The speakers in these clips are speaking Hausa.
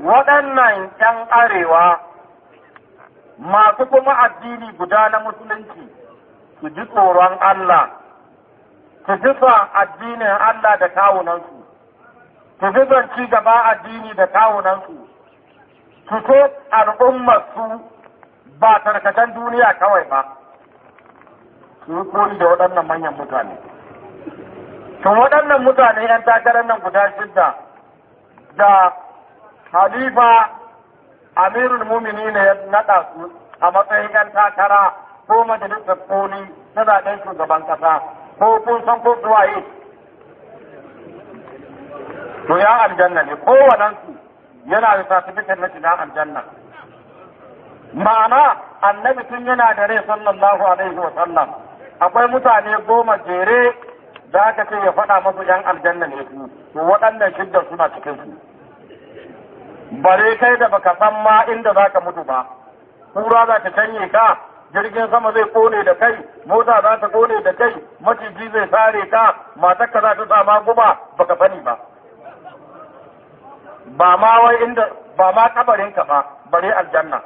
waɗannan ‘yan arewa masu kuma addini guda na musulunci su ji tsoron Allah, su jifa addinin Allah da kawunansu, su jifan ci gaba addini da kawunansu, su so al'ummarsu ba tarkatan duniya kawai ba, su yi koli da waɗannan manyan mutane. Tun waɗannan mutane ‘yan takarar nan guda shidda da halifa amirul mumini ne ya naɗa su a matsayin yan takara ko majalisar koli na zaɓen shugaban kasa, ko kun san ko zuwa yi to ya aljanna ne kowanensu yana da satifikin na shiga aljanna ma'ana annabi tun yana da rai sallallahu alaihi wa sallam akwai mutane goma jere za ka ce ya faɗa masu yan aljanna ne su to waɗannan shidda suna cikin su bare kai da baka san ma inda zaka mutu ba kura za ta canye ka jirgin sama zai kone da kai mota za ta kone da kai maciji zai sare ka ka za ta sama guba baka bani ba ba ma wai inda ba ma kabarin ka ba bare aljanna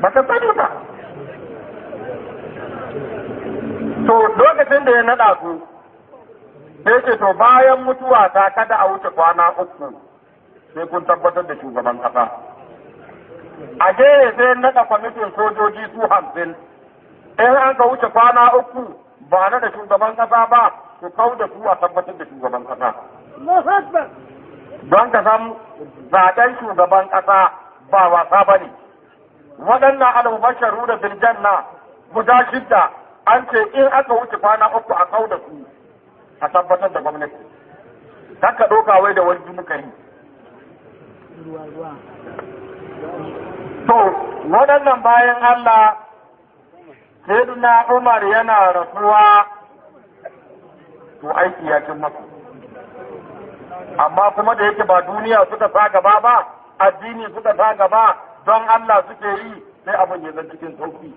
baka sani ba to lokacin da ya nada ku sai ce to bayan mutuwa ta kada a wuce kwana uku sai kun tabbatar da shugaban kasa a je sai naɗa kwamitin sojoji su hamsin in an ka wuce kwana uku ba na da shugaban kasa ba su kau da su a tabbatar da shugaban kasa don ka san zaɗen shugaban kasa ba wasa ba ne waɗannan almubasharu da na guda shidda an ce in aka wuce kwana uku a kau da su a tabbatar da gwamnati ka ɗauka wai da wani muka yi to waɗannan bayan Allah na Umar yana rasuwa to aiki ya cin amma kuma da yake ba duniya suka sa gaba ba addini suka sa gaba don Allah suke yi sai abin ya cikin sauki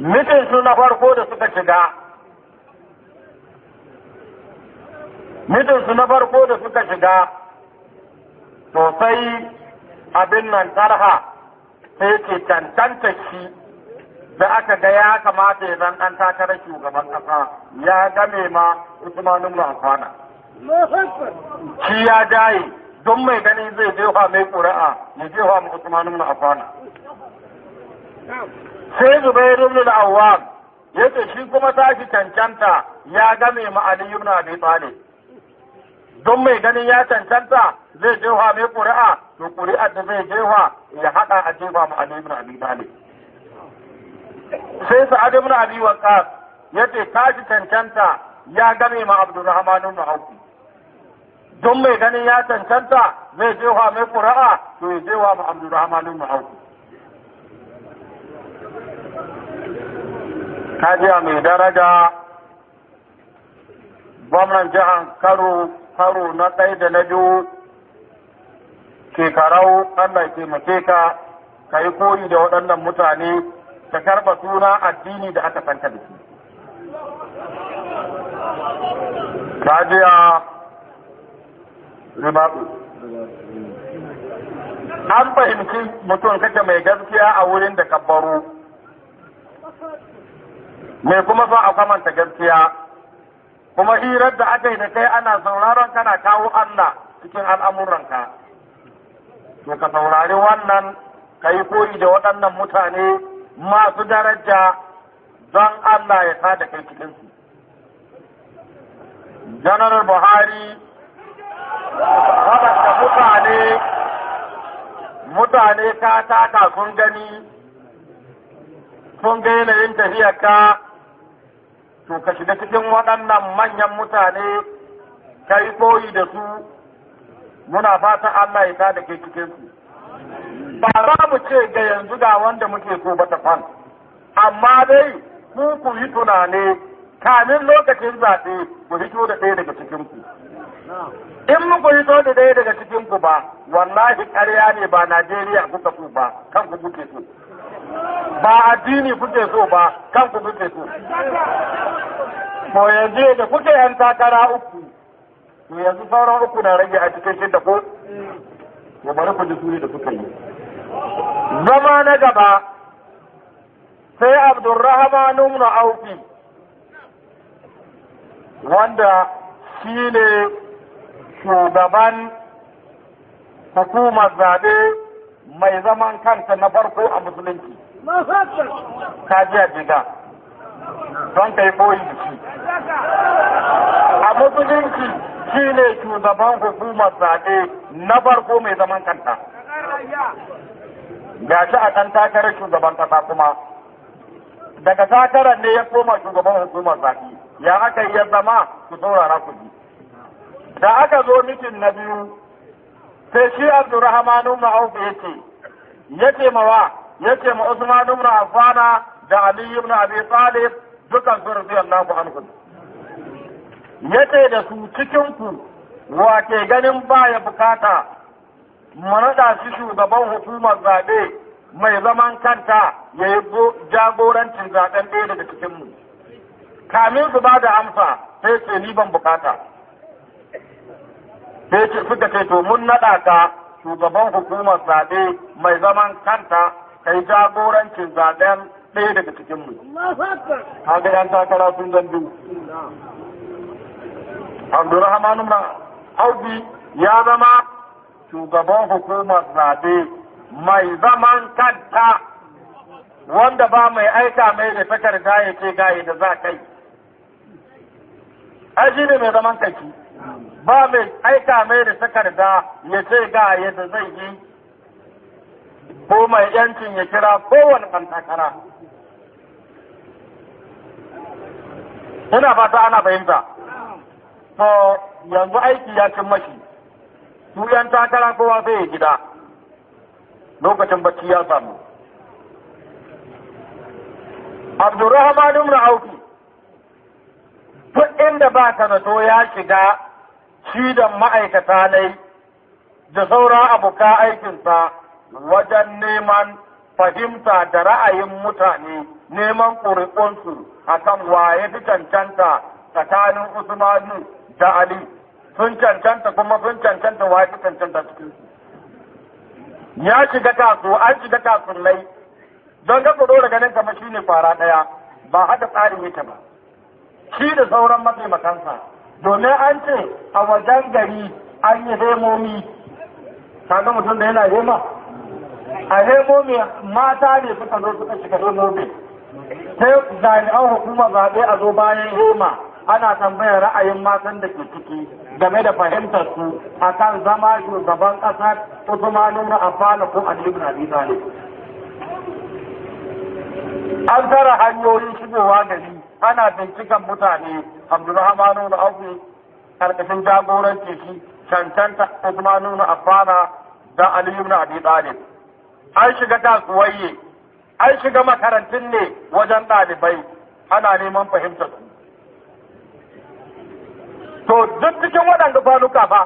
mitin su na farko da suka shiga mijinsu na farko da suka shiga sosai abin nan tarha sai ke tantanta shi da aka ga ya kamata ya zan ta takarar shugaban ƙasa ya game ma Usmanu Amfana. Shi ya daye don mai ganin zai jefa mai ƙuri'a ya jefa mu Usmanu Amfana. Sai Zubairu bin da ya ce shi kuma tashi cancanta ya game ma Ali ibn Abi Talib. don mai ganin ya cancanta zai jefa mai ƙuri'a to ƙuri'ar da zai jefa ya haɗa a jefa mu Ali ibn Abi Talib sai Sa'ad ibn Abi ce ta tashi cancanta ya game ma Abdurrahman ibn Auf don mai ganin ya cancanta zai jefa mai ƙuri'a to ya jefa mu Abdurrahman ibn Auf kajiya mai daraja gwamnan jihar Kano karo na ɗaya da na biyu shekarau Allah ke mace ka ka yi koyi da waɗannan mutane ka karba suna addini da aka santa da shi. Kajiya An fahimci mutum kake mai gaskiya a wurin da kabbaru. me kuma sa a kwamanta gaskiya. kuma hirar da aka yi da kai ana sauraron kana kawo Allah cikin al'amuranka to ka saurari wannan ka yi koyi da waɗannan mutane masu daraja don Allah ya sa da kai cikinsu janar buhari waɗanda mutane mutane ka taka sun gani sun ga yanayin tafiyarka to ka shiga cikin waɗannan manyan mutane ka yi koyi da su muna fata Allah ya da ke cikin su ba za mu ce ga yanzu ga wanda muke so ba ta fan amma dai ku ku yi tunane kamin lokacin zaɓe ku hito da ɗaya daga cikin ku in muku hito da ɗaya daga cikin ku ba wallahi ƙarya ne ba Najeriya kuka so ba kan ku kuke so ba addini kuke so ba kanku kuke so ko yanzu da kuke yan takara uku to yanzu sauran uku na rage a cikin da ko ya bari ku ji suri da kuka yi zama na gaba sai abdurrahman ibn aufi wanda shine shugaban hukumar zaɓe mai zaman kanta na farko a musulunci ka ji a jiga don kai boyi ki a musulunci shi ne shugaban hukumar zaɓe na farko mai zaman kanta ga shi a ɗan takarar shugaban ƙasa kuma daga takarar ne ya koma shugaban hukumar zaɓe ya aka yi zama su saurara ku ji da aka zo mitin na biyu sai shi abdurrahmanu ma'aufu ya ce ya ce mawa yace ma Usman ibn Affan da Ali ibn Abi Talib dukan su radiyallahu anhu yace da su cikin ku wace ganin baya bukata mu nada shi shugaban hukumar zabe mai zaman kanta ya yi jagorancin zaben ɗaya daga cikinmu. Kamin su ba da amsa sai ce ni ban bukata. Sai suka ce to mun naɗa ka shugaban hukumar zaɓe mai zaman kanta kai jagorancin zaben ɗaya daga cikinmu. Ka yan takara sun zambi. biyu. Abdurrahman ibn Aubi ya zama shugaban hukumar zabe mai zaman kanta wanda ba mai aika mai da fakar gaye ce gaye da za kai. Ai shi ne mai zaman kanki. Ba mai aika mai da takarda ya ce ga yadda zai yi ko mai yancin ya kira kowane ɗan takara. Ina fata ana fahimta. To yanzu aiki ya cin mashi, su ‘yan takara kowa zai gida lokacin bacci ya samu. Abdurrahman Ibn Auki duk inda ba ka zato ya shiga shi da ma'aikata nai da sauran abokan aikinsa wajen neman fahimta da ra'ayin mutane neman ƙuri'unsu a kan waye fi cancanta tsakanin Usmanu da Ali sun cancanta kuma sun cancanta waye fi cancanta cikin ya shiga kasu an shiga lai. don ga kudo da ganin kama shi ne fara ɗaya ba haka tsarin yake ba shi da sauran mataimakansa domin an ce a wajen gari an yi hemomi kaga mutum da yana hema a nemo mai mata ne suka zo suka shiga nemo mai sai jami'an hukuma zaɓe a zo bayan hema ana tambayar ra'ayin matan da ke ciki game da fahimtar su akan zama shugaban ƙasa Usman ibn Affan ko Ali ibn Abi Talib an tara hanyoyin shigowa gari ana binciken mutane Abdulrahman ibn Auf karkashin jagoranci shi cancanta Usman ibn Affan da Ali ibn Abi Talib an shiga kasuwaye an shiga makarantun ne wajen ɗalibai ana neman fahimtar su to duk cikin waɗanda fanuka ba,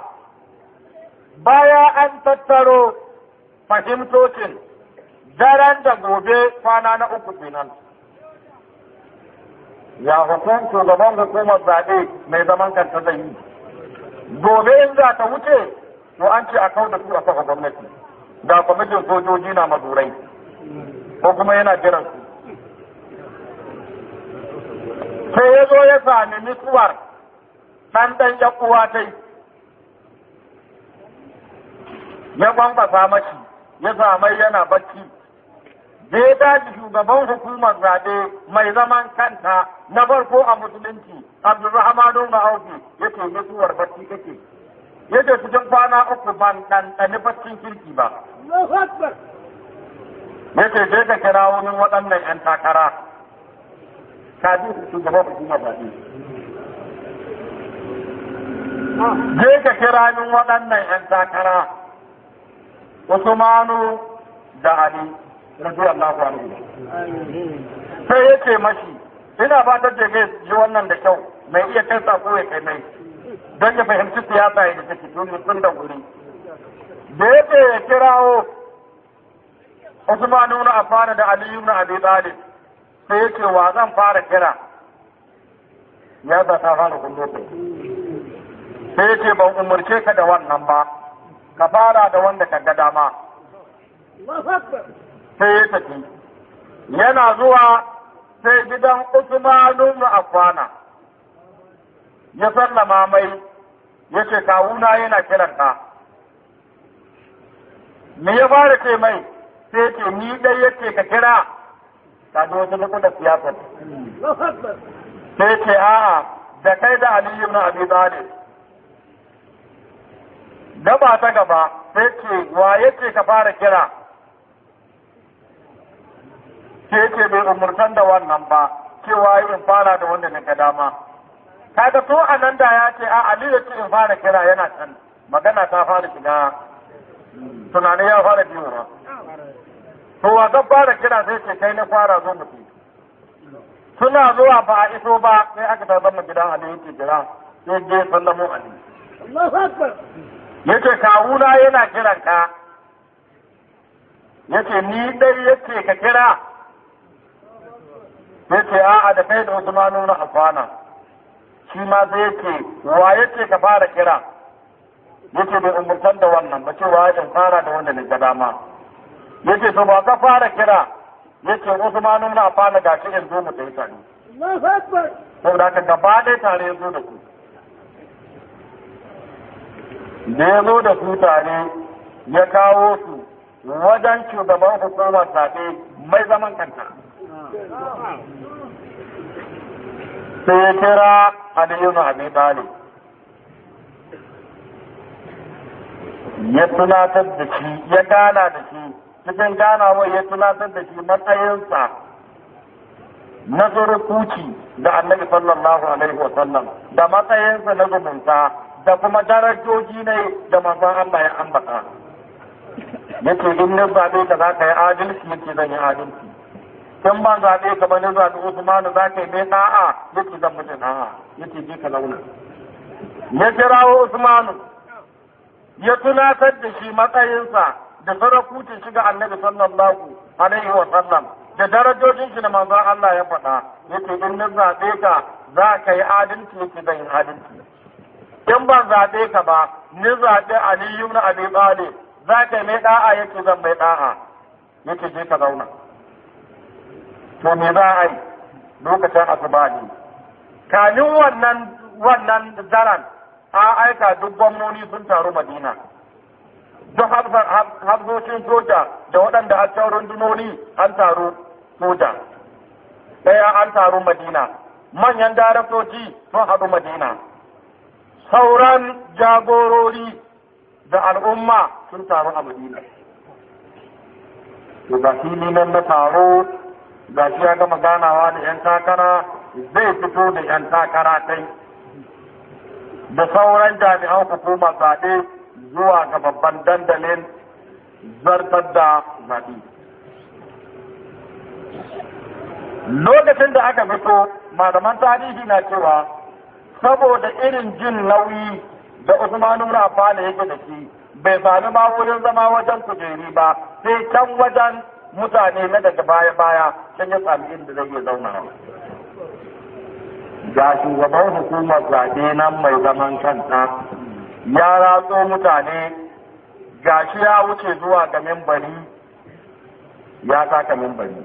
baya an tattaro fahimtocin daren da gobe kwana na uku kenan ya hukun shugaban hukumar zaɓe mai zaman kanta zai yi gobe in za ta wuce to an ce a kau da su a kafa gwamnati ga kwamitin sojoji na mazurai ko kuma yana jiran su sai ya zo ya sami mutuwar ɗan ɗan ya uwa dai ya gwangwasa mashi ya samai yana bacci da daji shugaban hukumar zaɓe mai zaman kanta na farko a musulunci abdulrahmanu ma'auki ya ce mutuwar bacci kake yace cikin kwana uku ban ɗanɗani baccin kirki ba yace sai ka kira wani waɗannan 'yan takara ka ji su shugaban hukumar zaɓe je ka kira min waɗannan 'yan takara Usmanu da Ali radiyallahu anhu sai ce mashi ina ba da mai ji wannan da kyau mai iya kai sako ya kai mai don ya fahimci siyasa yadda take tun da wuri da ya ce ya kirawo Usman ibn Affan da Ali na Abi Talib sai yake wa zan fara kira ya ba ta fara kullu sai yake ban umarce ka da wannan ba ka fara da wanda ka ga dama sai ya tafi yana zuwa sai gidan Usman ibn Affan ya sallama mai Yace ce kawuna yana kiranta me ya fara ce mai sai ce ni dai ya ce ka kira ta zo ta duk da siyasar sai ce a'a da kai da aliyu na abi talib ba ta gaba sai ce wa ya ka fara kira sai ce bai umurtan da wannan ba cewa in fara da wanda na ga dama kaga to nan da ya ce a Ali ya ce in fara kira yana can magana ta fara shiga tunani ya fara biyowa to wa ga fara kira sai ce kai na fara zo mutum suna zuwa ba a iso ba sai aka ta zama gidan Ali yake jira sai je sallamo Ali Allahu Ya yace kawuna yana kiran ka yace ni dai yace ka kira yace a'a da kai da Usmanu na Affana shi ma zai yake wa yake ka fara kira yake bai umurtan da wannan ba wa ya fara da wanda ne ga dama yake to ba ka fara kira yake Usman ibn Affan ga shi yanzu mu tayi tare Allahu Akbar saboda haka gaba dai tare yanzu da ku nemo da su tare ya kawo su wajen shugaban hukumar zaɓe mai zaman kanta. Sai ya kira Ali ibn Abi ya tunatar da shi gana da ganawa ya tunatar da matsayinsa na da annabi sallallahu alaihi wasallam da matsayinsa na zumunta da kuma darajoji ne da manzon Allah ya ambata yace in ne dai da zaka yi adalci yace zan yi adalci Kin ban zaɓe ka bane zaɓe Usman za ka yi mai ɗa'a yake zan mace ɗa'a yake je ka launa. Ya kirawo Usmanu ya tunatar da shi matsayinsa da sarakucin shiga annabi sallallahu alaihi wa sallam da darajojin shi da manzon Allah ya faɗa yake in na zaɓe ka za ka yi adalci yake zan yi adalci. Kin ban zaɓe ka ba ni zaɓe Aliyu na Abi Talib za ka yi mai ɗa'a yake zan mai ɗa'a yake je ka zauna. to me za a yi lokacin asuba ne kamin wannan wannan zaran a aika duk gwamnoni sun taru madina duk hafzocin soja da waɗanda a can rundunoni an taru soja ɗaya an taru madina manyan daraktoci sun haɗu madina sauran jagorori da al'umma sun taru a madina. shi fili nan na taro ga shi ya gama ganawa da 'yan takara zai fito da 'yan takara kai da sauran jami'an hukumar zaɓe zuwa ga babban dandalin zartar da zaɓe. Lokacin da aka fito, malaman tarihi na cewa saboda irin jin nauyi da Usmanu Rafa yake da shi bai sami ma wurin zama wajen kujeri ba sai can wajen mutane na daga baya-baya sun ya sami inda zai iya zauna ga shugaban hukumar zaɓe nan mai zaman kanta ya ratso mutane ga shi ya wuce zuwa ga membari ya taka membari.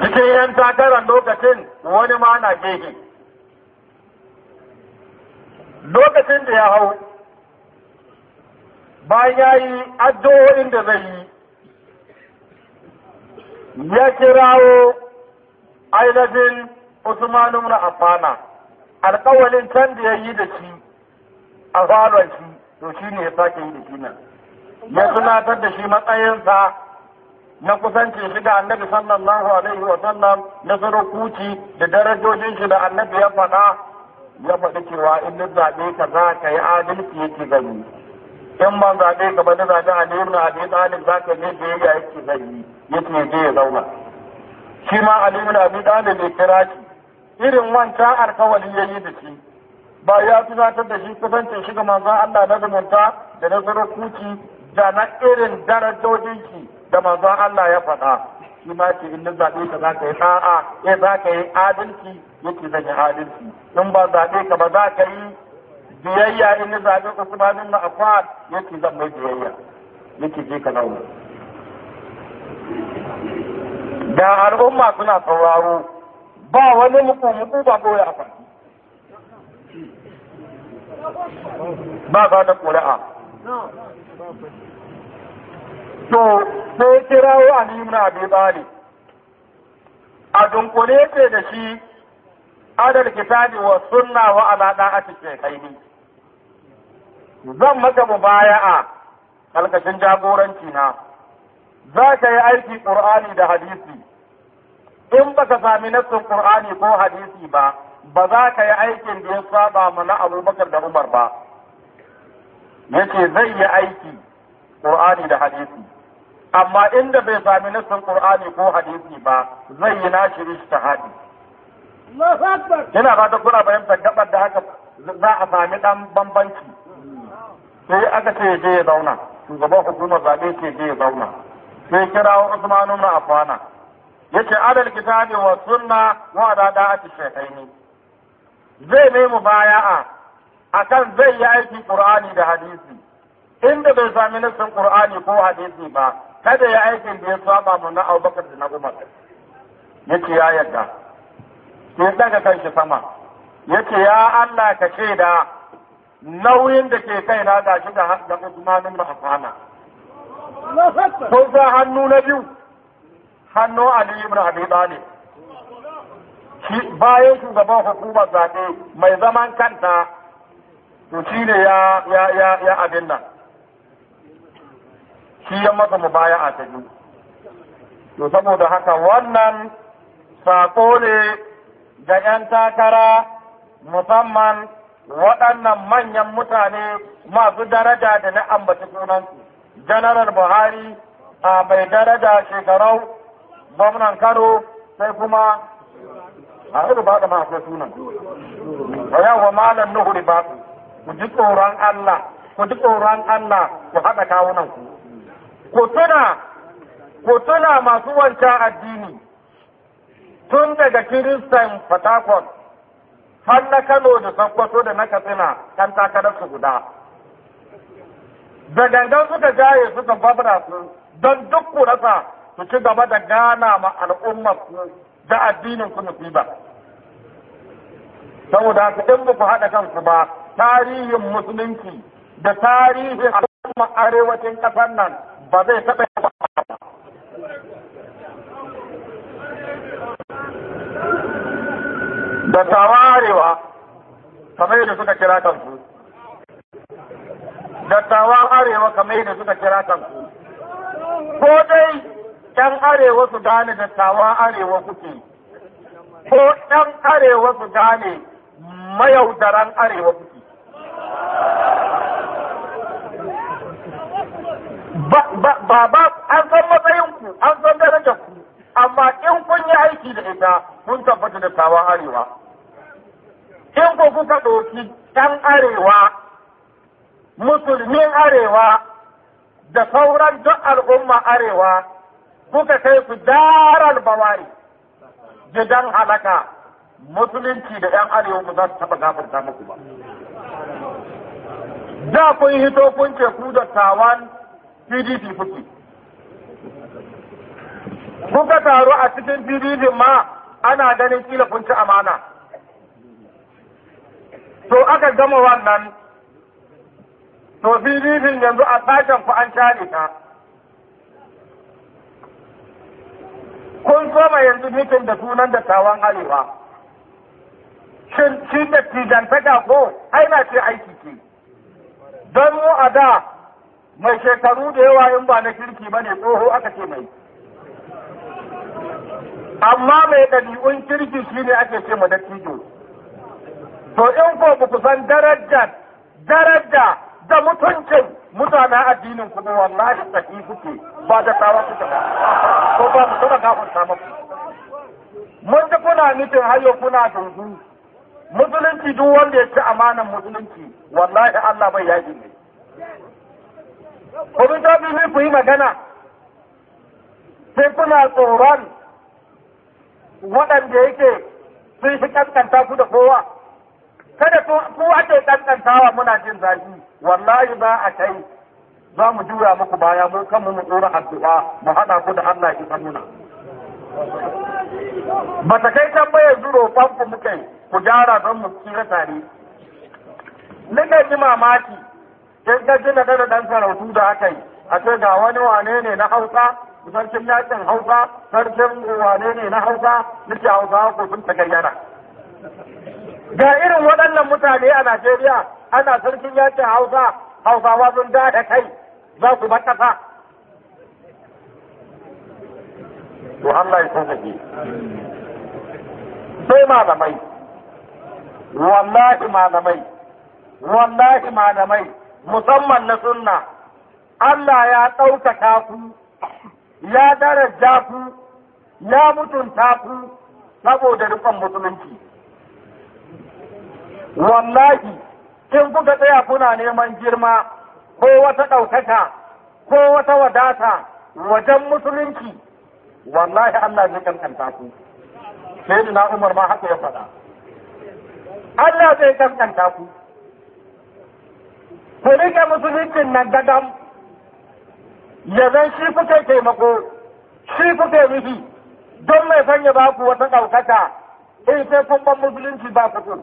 cikin yan takarar lokacin wani ma na gefe lokacin da ya hau bayan ya yi addu'o'in da zai yi ya kirawo ainihin Usman na afana alkawalin can da ya yi da shi a falon shi to shi ne ya sake yi da shi nan ya tunatar da shi matsayinsa na kusanci shi da annabi sallallahu alaihi wa sallam na sarakuci da darajojin shi da annabi ya faɗa ya faɗi cewa in zaɓe ka za ka yi adalci yake gani in ban zaɓe gaba da zaɓe a nemi a abin ɗalib za ka ne yi yake zai yi yake je ya zauna shi ma alimin abin ɗalib ya kira shi irin wancan alkawali ya yi da shi ba ya tunatar da shi kusancin shi ga manzon Allah na zumunta da na kuki da na irin darajojin shi da manzon Allah ya faɗa shi ma ce in na zaɓe ka za ka yi ɗa'a ya eh za ka yi adalci yake zan yi adalci in ba zaɓe ka ba za ka yi biyayya in na zaɓi Usman ibn Affan yake zan mai biyayya yake je ka zauna da al'umma suna sauraro ba wani muku muku ba ko ya fa ba ga da ƙuri'a to sai kirawo Ali ibn Abi Talib a dunkule ce da shi adal kitabi wa sunna wa ala da'ati shaykhayni zan maka a alkashin jagoranci na za ka yi aiki ƙur'ani da hadisi in baka sami nassin ƙur'ani ko hadisi ba ba za ka yi aikin da ya saba mana abubakar da umar ba yake zai yi aiki ƙur'ani da hadisi amma inda bai sami nassin ƙur'ani ko hadisi ba zai yi nashi ishtihadi yana ba ta kuna fahimtar gabar da haka za a sami ɗan bambanci sai aka ce je ya zauna shugaban hukumar zaɓe ce je ya zauna sai kirawo na afana ya yace adal kitabi wa sunna wa adadati shekaini zai mai A akan zai yi aiki Qur'ani da hadisi inda bai sami nassin Qur'ani ko hadisi ba kada ya aikin da ya saba mu na Abubakar da na Umar Ya ce ya yarda sai daga kanshi sama Ya ce ya Allah ka da. nauyin da ke kai na da shi da Usman kun sa hannu na biyu hannu Ali ibn Abi Shi bayan shugaban hukumar zaɓe mai zaman kanta to shi ne ya ya ya abin nan shi ya masa a ta biyu to saboda haka wannan sako ne ga 'yan takara musamman waɗannan manyan mutane masu daraja da na ambaci sunansu janaral buhari a mai daraja shekarau gwamnan kano sai kuma a irin ba da masu sunan yau yawa malam nuhu riba ku ji tsoron allah ku ji tsoron allah ku haɗa kawunan ku ku tuna ku tuna masu wancan addini tun daga kiristan fatakon har na Kano da Sokoto da na Katsina kan takarar su guda. Da gangan suka jaye suka babra su don duk kurasa su ci gaba da gana ma al'ummar su da addinin ku ba. Saboda su in ba ku haɗa kansu ba tarihin musulunci da tarihin al'ummar arewacin ƙasar nan ba zai taɓa ba. da tawarewa kamar yadda suka kira kansu da arewa kamar yadda suka kira kansu ko dai ɗan arewa su gane dattawan arewa kuke ko ɗan arewa su gane mayaudaran arewa kuke ba ba an san matsayinku an san daraja ku amma in kun yi aiki da ita kun tabbata da tawa arewa in ku kuka ɗauki ɗan arewa musulmin arewa da sauran duk al'umma arewa kuka kai ku daral bawari gidan halaka musulunci da ‘yan arewa ba za su taɓa gafarta muku ba. Da yi hito kun ce ku da tawan PDP kuke. Kuka taru a cikin PDP ma ana ganin kila kun ci amana. to aka gama wannan to pdp yanzu a sashen ku an cari ta kun soma yanzu mitin da sunan da dattawan arewa shin shi da tijantaka ko aina ce aiki ke don mu a da mai shekaru da yawa in ba na kirki ba ne tsoho aka ce mai amma mai ɗabi'un kirki shi ne ake ce ma dattijo to in ko ku san darajar daraja da mutuncin mutanen addinin ku ba wallahi tsaki kuke ba da tawa kuke ba ko ba mu ka gafarta muku mun ji kuna nufin hayo kuna dungu musulunci duk wanda ya ci amanan musulunci wallahi Allah bai yaji ne ko ta bi ne ku yi magana sai kuna tsoron waɗanda yake sun shi kaskanta ku da kowa kada ku ake wa muna jin zafi wallahi ba a kai za mu jura muku baya mu kan mu tsora addu'a mu hada ku da Allah ki san muna ba ta kai tambayar zuro fanku muke ku gyara don mu tsira tare nika ji mamaki kin ga jina da dan sarautu da aka yi a ce ga wani wane ne na Hausa sarkin yakin Hausa sarkin wane ne na Hausa nake Hausa ko sun ta gayyana ga irin waɗannan mutane a Najeriya ana sarkin yankin Hausa Hausawa sun da da kai za ku bar ƙasa to Allah ya sauƙaƙe sai malamai wallahi malamai wallahi malamai musamman na sunna Allah ya ɗaukaka ku ya daraja ku ya mutunta ku saboda rufan musulunci wallahi in kuka tsaya kuna neman girma ko wata ɗaukaka ko wata wadata wajen musulunci wallahi Allah zai kankanta ku sai na Umar ma haka ya faɗa Allah zai kankanta ku ku rike musuluncin nan gadam ya shi kuke taimako shi kuke rufi don mai sanya ba ku wata ɗaukaka in sai kun ban musulunci ba ku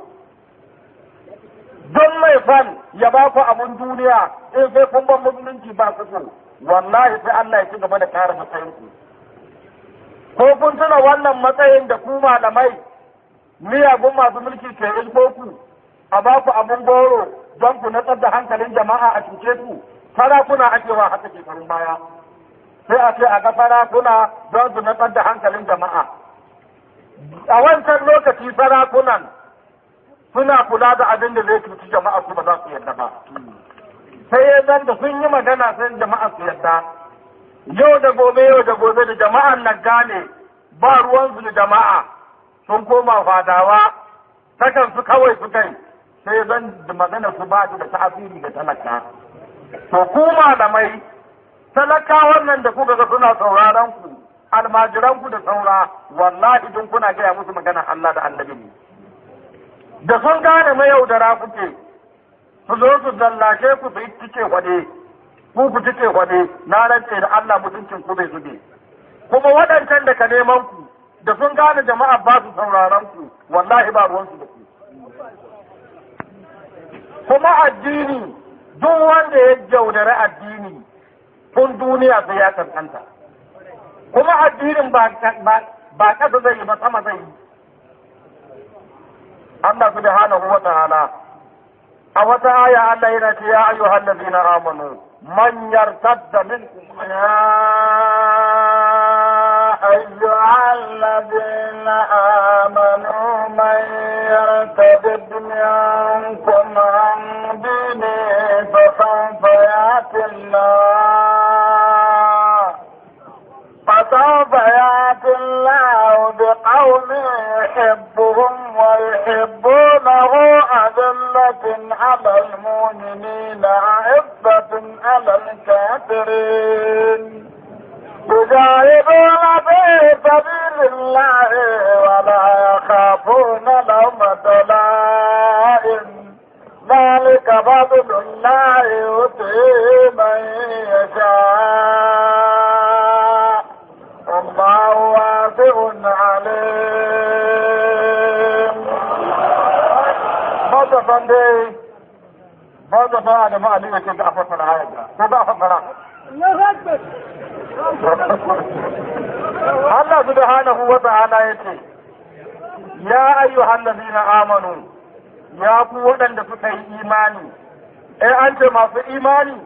don mai fan ya ba ku abun duniya in eh, sai kun ban musulunci ba ku so wallahi sai Allah ya ci gaba da kare matsayin ko kun tuna wannan matsayin da ku malamai miyagun masu mulki ke ilko ku a ba ku abin goro don ku natsar da hankalin jama'a a cuce ku sarakuna ake wa take farin baya sai a ce a ga sarakuna don su natsar da hankalin jama'a a wancan lokaci sarakunan suna kula da abin da zai cuci jama'a su ba za su yadda ba sai ya zan da sun yi magana sun jama'a su yadda yau da gobe yau da gobe da jama'an nan gane ba ruwansu da jama'a sun koma fadawa takan su kawai su kai sai zan da magana su ba da ta'asiri ga talaka to da mai talaka nan da kuka ga suna sauraron ku almajiran ku da saura wallahi idan kuna gaya musu magana Allah da annabi da sun gane mayaudara kuke su zo su zallace ku su tike kwade ku ku tike kwade na rance da Allah mutuncin ku bai zube kuma waɗancan da ka neman ku da sun gane jama'a ba su sauraron ku wallahi ba su da ku kuma addini duk wanda ya jaudare addini tun duniya sai ya kankanta kuma addinin ba ƙasa zai yi ba sama zai yi الله سبحانه وتعالى أو يا علينا يا أيها الذين آمنوا من يرتد منكم يا أيها الذين آمنوا من يرتد منكم عن دينه فسوف يأتي الله فسوف يأتي الله بقومه يحبونه أذلة على المؤمنين أعزة على الكافرين يجاهدون في سبيل الله ولا يخافون لومة لائم ذلك فضل الله يؤتيه من يشاء الله واسع عليه san dai ba da ba da ma'alin ya ce da afa da ko ba fara Allah subhanahu wa ta'ala ya ce ya ayyuhan ladina amanu ya ku waɗanda suka yi imani eh an ce masu imani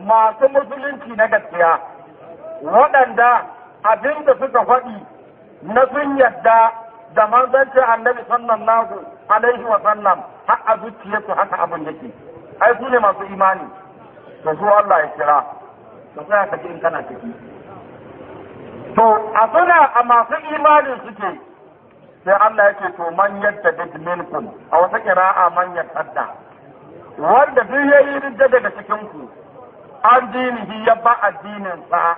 masu musulunci na gaskiya waɗanda abin da suka faɗi na sun yadda da manzancin annabi sallallahu alaihi wa sallam har a zuciyarsu haka abin yake ai su ne masu imani to su Allah ya kira ka tsaya ka ji in kana ciki to a suna a masu imanin suke sai Allah yake to man yadda minkum a wata kira'a man yadda wanda duk yayi ridda daga cikin ku an shi ya ba addinin sa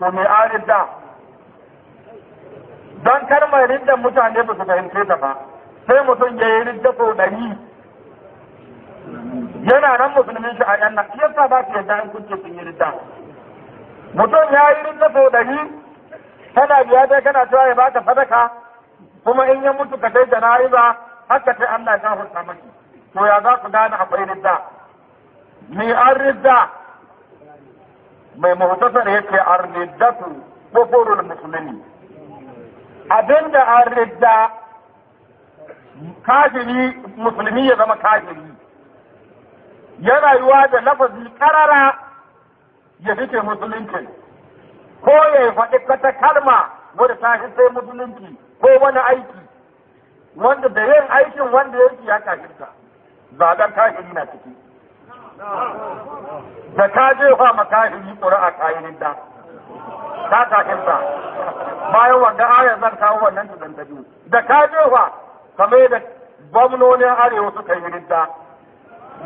to me an ridda dan kar mai ridda mutane ba su fahimce ta ba sai mutum ya yi rijja ɗari yana nan musulmin shi a yan nan sa ba su yadda an kunce sun yi ridda. mutum ya yi rijja ɗari kana biya dai kana cewa ya baka sadaka kuma in ya mutu ka dai jana'iza haka sai Allah ya hurta maki to ya za ku gane akwai ridda. ni an ridda mai muhtasar yake ar riddatu kufurul musulmi abinda an ridda kafiri musulmi ya zama kafiri ya rayuwa da lafazi karara ya fice musulunci ko ya faɗi kata kalma wadda ta fi sai musulunci ko wani aiki wanda da yin aikin wanda yake ya kafirta zagar kafiri na ciki da ka jefa makafiri ƙura'a kayanin da ta kafirta bayan wanda ayar zan kawo wannan tudan da da je jefa kamar yadda gwamnonin arewa suka yi ridda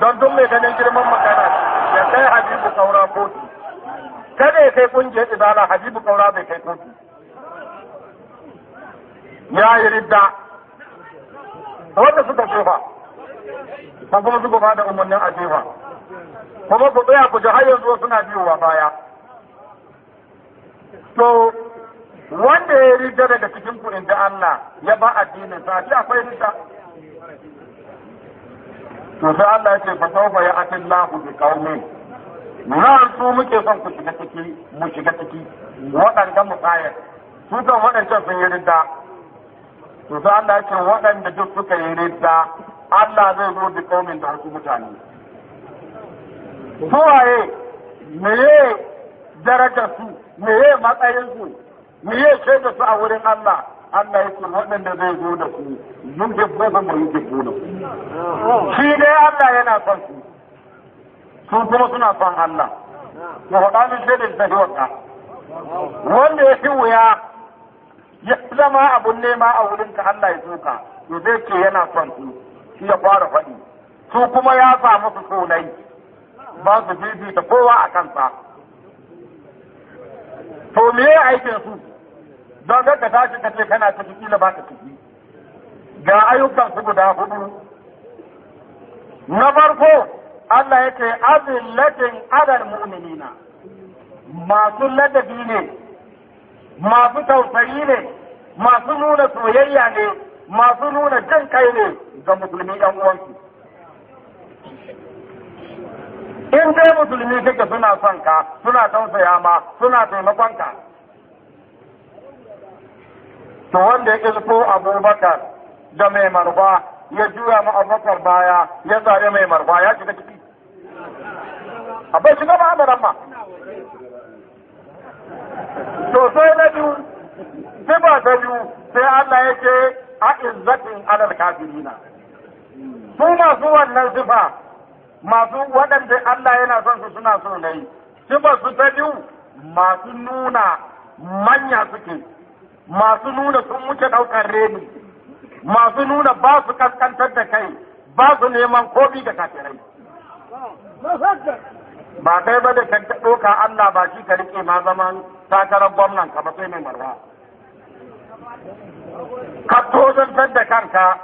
don duk mai ganin girman magana ya kai habibu kaura kotu kada ya kai kungiyar izala habibu kaura bai kai kotu ya yi ridda wanda suka jefa ba kuma suka ba da umarnin a jefa kuma ku tsaya ku ji har yanzu suna biyowa baya to wanda ya rija daga cikin kuɗin da Allah ya ba addinin sa shi akwai rija to sai Allah ya ce fa sawfa ya atin lahu bi qaumin na su muke son ku shiga ciki mu shiga ciki waɗanda mu tsaya su kan waɗancan sun yi rida to sai Allah ya ce waɗanda duk suka yi rida Allah zai zo bi qaumin da su mutane waye meye darajar su meye matsayin su mu yi ce da su a wurin Allah Allah ya ce waɗanda zai zo da su ji jibbobi mu yi jibbobi shi dai Allah yana son su su kuma suna son Allah ya faɗa min sai da zai wata wanda ya fi wuya ya zama abun nema a wurin ka Allah ya suka to zai ce yana son su shi ya fara faɗi su kuma ya samu su sonai ba su fifita kowa a kansa to me ya aike su don ka tashi ka ce kana ta fiki ba baka fiki ga ayyukan su guda hudu na farko Allah ya ce ladin adar mu'minina masu ladabi ne masu tausayi ne masu nuna soyayya ne masu nuna jin kai ne ga musulmi yan uwansu in dai musulmi kake suna son ka suna tausaya ma suna taimakon ka to wanda ya ƙirfo abubakar da mai marfa ya juya ma abubakar baya ya tsare mai marfa ya shiga ciki abai shiga ba da ramma to sai na biyu sai ba ta biyu sai Allah ya ce a izzatin alal kafirina su masu wannan sifa masu waɗanda Allah yana son su suna rai su ba su ta biyu masu nuna manya suke masu nuna sun wuce ɗaukar reni masu nuna ba su kaskantar da kai ba su neman komi da kafirai ba kai ba da ɗauka Allah ba shi ka rike ma zaman takarar gwamnan ka ba sai mai marwa ka tozantar da kanka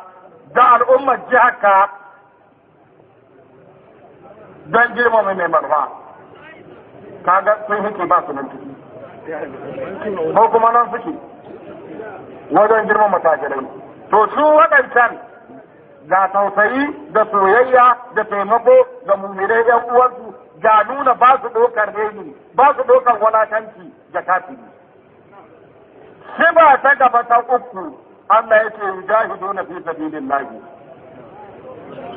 da al'ummar jihar ka don girmama mai marwa kaga sun suke ba su nan ko kuma nan suke wajen girmama tajirai to su waɗancan ga tausayi da soyayya da taimako ga mummirai yan uwansu ga nuna ba su ɗaukar reni ba su ɗaukar walakanci ga kafiri siba ta gaba ta uku Allah yake yujahiduna fi sabilillah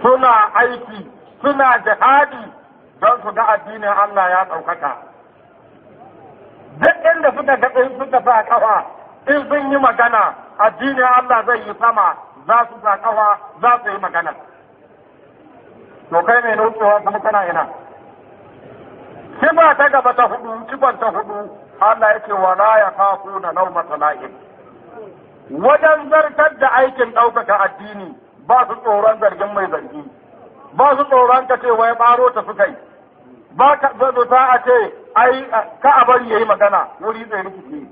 suna aiki suna jihadi don su ga addinin Allah ya ɗaukaka. Duk inda suka ga in suka sa kafa in sun yi magana addinin Allah zai yi sama za su sa kafa za su yi magana. To kai mai nucewa kuma kana ina. Sifa ta gaba ta hudu, cikon ta hudu, Allah ya yake wala ya kafu na nauma sana'in. Wajen zartar da aikin ɗaukaka addini ba su tsoron zargin mai zargi. ba su tsoron ka ce wai baro ta suka yi ba ka ta a ce ai ka a bari yayi magana wuri zai rikici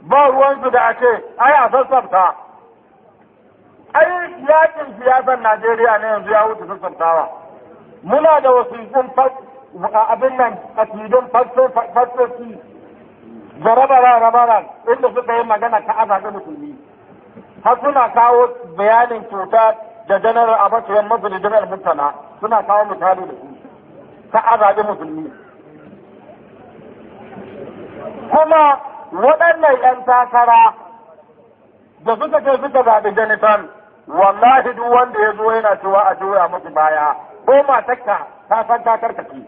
ba ruwan su da a ce ai a sassafta ai yakin siyasar Najeriya ne yanzu ya wuce sassaftawa muna da wasiƙun abin nan a asidin fassofi da rabara inda suka yi magana ka azaga musulmi har suna kawo bayanin cutar da janar abakiyar musulmi janar mutana suna kawo misali da su ta azabi musulmi kuma waɗannan 'yan takara da suka ce suka zaɓi janitan wallahi duk wanda ya zo yana cewa a juya musu baya ko matakka ta san ta karkace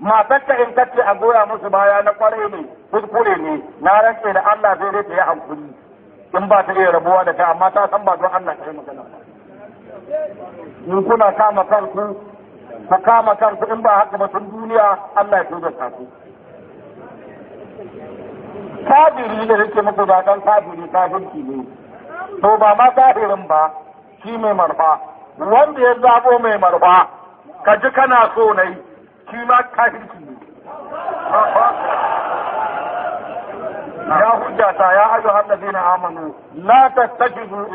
matakka in kace a goya musu baya na kware ne kuskure ne na rantse da Allah zai rike ya hankuri in ba ta iya rabuwa da ta amma ta san ba don Allah ta yi magana ba in kuna kama kanku ka kama kanku in ba haka ba tun duniya Allah ya tozarta ku kafiri da yake muku ba dan kafiri kafirci ne to ba ma kafirin ba shi mai marfa wanda ya zabo mai marfa ka ji kana so nai shi ma kafirci ne يا حجة يا أيها الذين آمنوا لا تتخذوا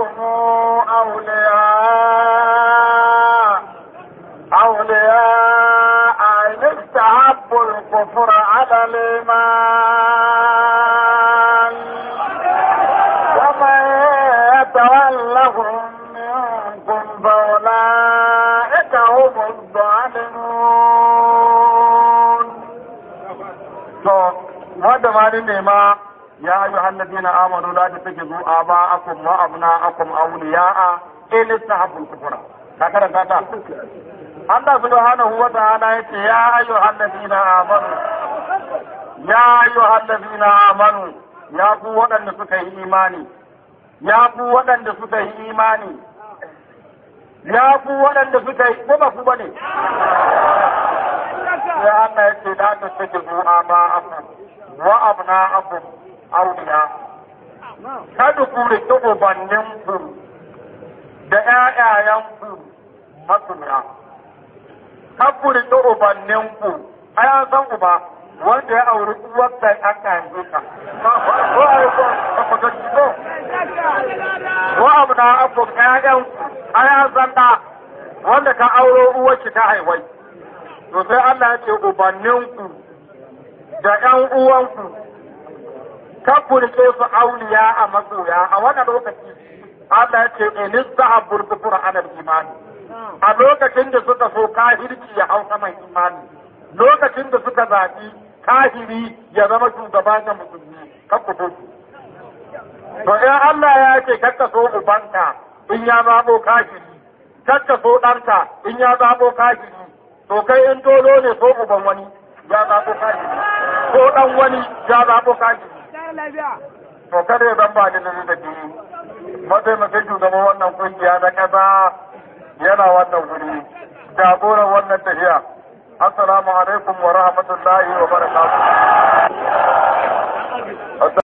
ربكم أولياء أولياء إن استحبوا الكفر على الإيمان ومن يتولهم منكم فأولئك هم الظالمون. So, what the يا أيها الذين آمنوا لا تتخذوا آباءكم وأبناءكم أولياء إن استحبوا الكفر a كذا الله سبحانه وتعالى يا أيها الذين آمنوا يا أيها الذين آمنوا يا قوة أن تكهي إيماني يا قوة أن تكهي إيماني ya ku waɗanda suka yi kuma ku ne ya Allah ya ce da ta take zuwa ba abu wa na abu auna kada ku riƙi ubanninku da ‘ya'yayenku masuna, kuri ku riƙi ubanninku, a ya san uba wanda ya auri Uwar uwarsa aka yanzu ka. Ko a yi ko ku gaji ko? Ko abu na abu ‘ya'yan a ya san da wanda ka auro uwarki ta haihuwai. To sai Allah ya ce ubanninku da ‘yan uwanku kafurke su auliya a masoya a wannan lokaci Allah ya ce in zahabur kufur anal imani a lokacin da suka so kafirci ya hau saman imani lokacin da suka zaɓi kafiri ya zama shugaban da musulmi kafu to to ya Allah ya ce kakka so ubanka in ya zaɓo kafiri kakka so danka in ya zaɓo kafiri to kai in dolo ne so uban wani ya zaɓo kafiri ko ɗan wani ya zaɓo kafiri to kada ya zan ba da na da biyu mataimakin shugaban wannan kungiya na kasa yana wannan wuri jagoran wannan tafiya assalamu alaikum wa rahmatullahi wa barakatuh